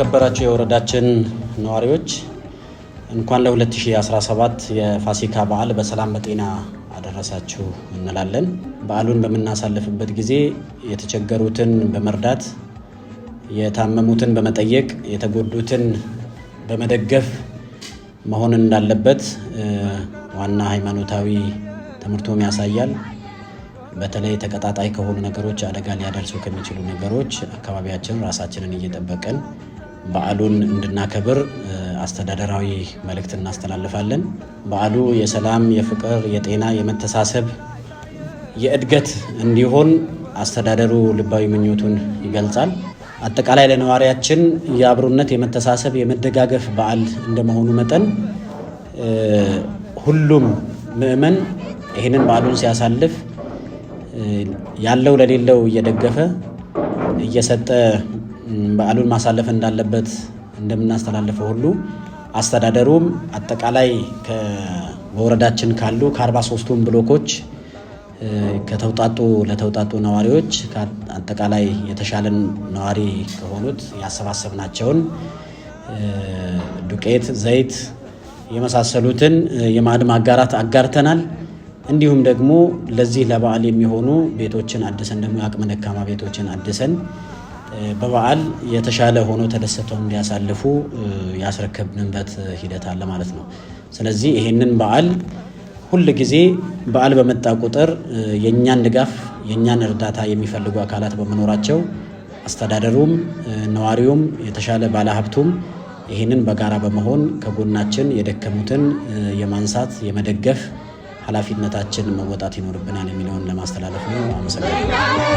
የተከበራቸው የወረዳችን ነዋሪዎች እንኳን ለ2017 የፋሲካ በዓል በሰላም በጤና አደረሳችሁ እንላለን። በዓሉን በምናሳልፍበት ጊዜ የተቸገሩትን በመርዳት የታመሙትን በመጠየቅ የተጎዱትን በመደገፍ መሆን እንዳለበት ዋና ሃይማኖታዊ ትምህርቶም ያሳያል። በተለይ ተቀጣጣይ ከሆኑ ነገሮች አደጋ ሊያደርሱ ከሚችሉ ነገሮች አካባቢያችን ራሳችንን እየጠበቀን በዓሉን እንድናከብር አስተዳደራዊ መልእክት እናስተላልፋለን። በዓሉ የሰላም፣ የፍቅር፣ የጤና፣ የመተሳሰብ፣ የእድገት እንዲሆን አስተዳደሩ ልባዊ ምኞቱን ይገልጻል። አጠቃላይ ለነዋሪያችን የአብሮነት፣ የመተሳሰብ፣ የመደጋገፍ በዓል እንደመሆኑ መጠን ሁሉም ምዕመን ይህንን በዓሉን ሲያሳልፍ ያለው ለሌለው እየደገፈ እየሰጠ በዓሉን ማሳለፍ እንዳለበት እንደምናስተላልፈው ሁሉ አስተዳደሩም አጠቃላይ በወረዳችን ካሉ ከ43ቱም ብሎኮች ከተውጣጡ ለተውጣጡ ነዋሪዎች አጠቃላይ የተሻለን ነዋሪ ከሆኑት ያሰባሰብናቸውን ዱቄት፣ ዘይት የመሳሰሉትን የማዕድ ማጋራት አጋርተናል። እንዲሁም ደግሞ ለዚህ ለበዓል የሚሆኑ ቤቶችን አድሰን ደግሞ የአቅመ ደካማ ቤቶችን አድሰን በበዓል የተሻለ ሆኖ ተደሰተው እንዲያሳልፉ ያስረከብንበት ሂደት አለ ማለት ነው። ስለዚህ ይህንን በዓል ሁል ጊዜ በዓል በመጣ ቁጥር የእኛን ድጋፍ የእኛን እርዳታ የሚፈልጉ አካላት በመኖራቸው አስተዳደሩም ነዋሪውም የተሻለ ባለሀብቱም ይህንን በጋራ በመሆን ከጎናችን የደከሙትን የማንሳት የመደገፍ ኃላፊነታችን መወጣት ይኖርብናል የሚለውን ለማስተላለፍ ነው። አመሰግናለሁ።